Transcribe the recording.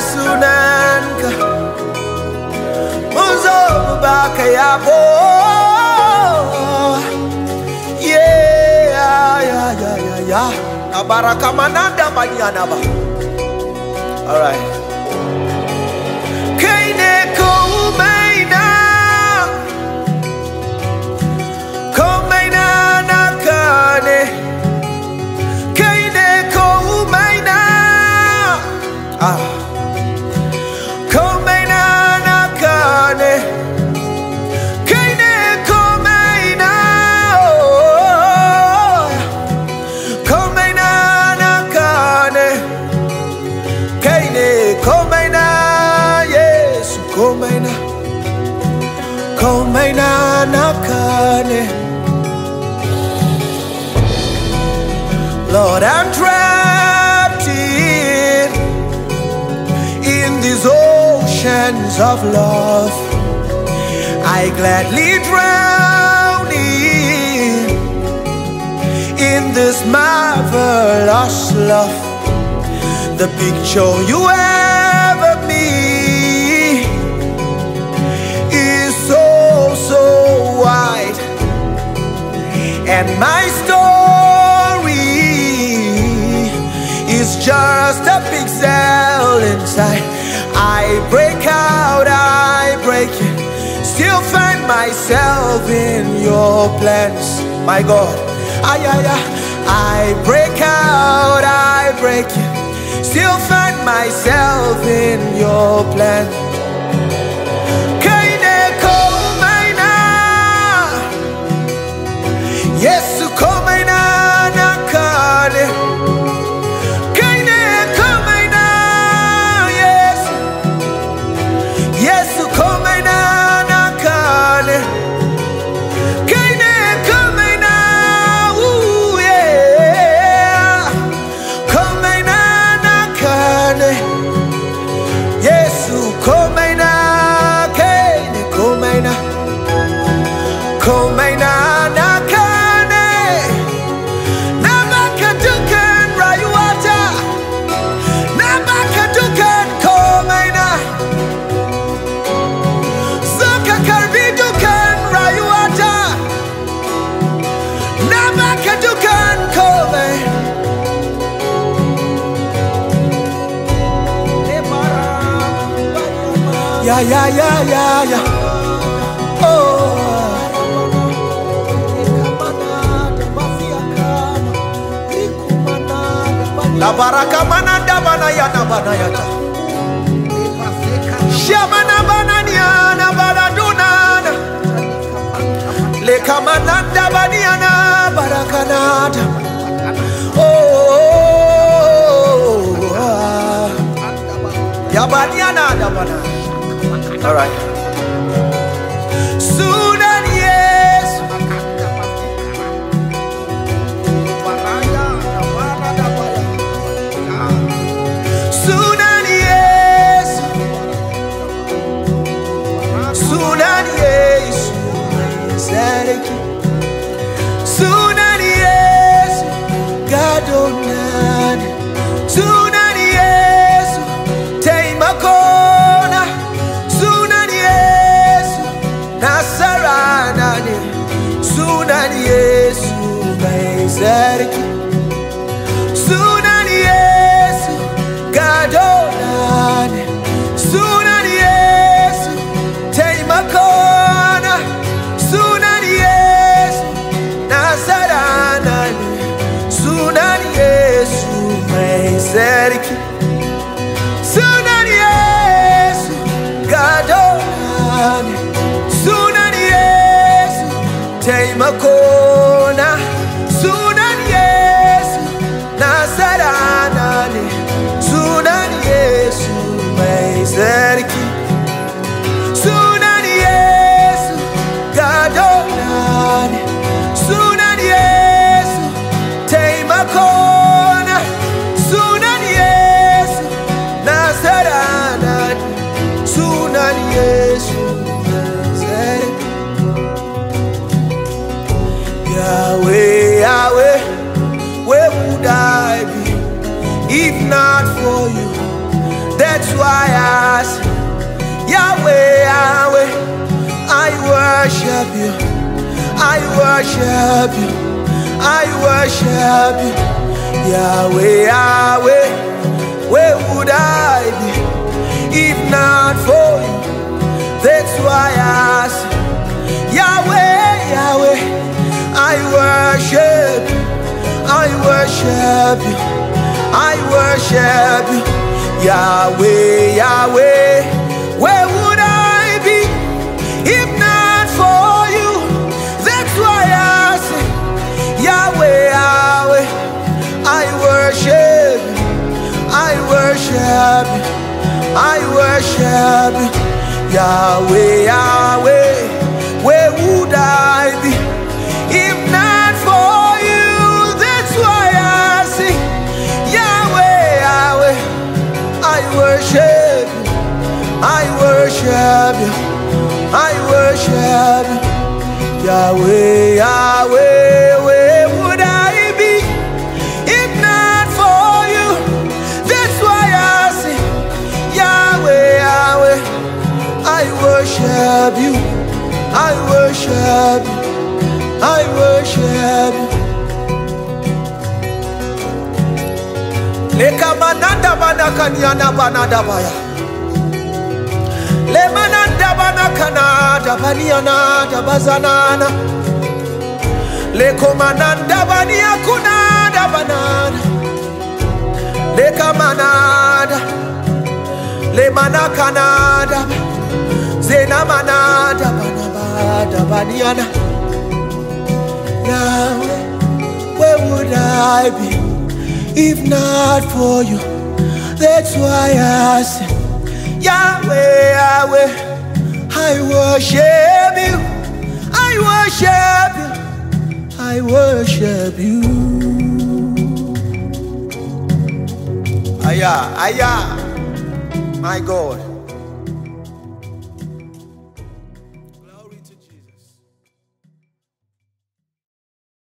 sunanka mun zo mu baka yabo yeah yeah yeah yeah yeah na baraka mananda manyana ba all right komai na komai na naka ne Lord I'm trapped in in these oceans of love I gladly drown in in this marvelous love the picture you have And my story is just a pixel inside. I break out, I break in. Still find myself in your plans, my God. Ay, ay, ay. I break out, I break in. Still find myself in your plans. yeah, yeah, yeah, yeah, yeah. Oh. La baraka mana da bana ya na bana ya ta. Shamana bana ni ana bana dunana. Le kamana da bani ana baraka na da. Oh. Ya bani ana da bana. All right. Sudan, yes. Sudan, yes. Sudan, yes. Sudan, yes. God, oh, makona sunan yesu nasarana ne sunan yesu mai sarki sunan yesu gadona ne sunan yesu taimakona sunan yesu nasarana ne sunan yesu mai sarki Yahweh, Yahweh, where would I be if not for you? That's why I ask Yahweh, Yahweh, I worship you. I worship you. I worship you. Yahweh, Yahweh, where would I be if not for you? That's why I worship you. I worship you. Yahweh, Yahweh. Where would I be if not for you? That's why I say, Yahweh, Yahweh. I worship you. I worship you. I worship you. Yahweh, Yahweh. Where would I be? worship you. I worship you. I worship you. Yahweh, Yahweh, where would I be if not for you? That's why I sing Yahweh, Yahweh. I worship you. I worship you. lekamananda banakaniana banada baya lemananda banakanada banianada bazanana lekomananda baniakunada banana lekamanada lemanakanada zenamanada banabada baniana nawe where would i be if not for you, that's why I say, Yahweh, Yahweh, I worship you, I worship you, I worship you. Aya, aya, my God.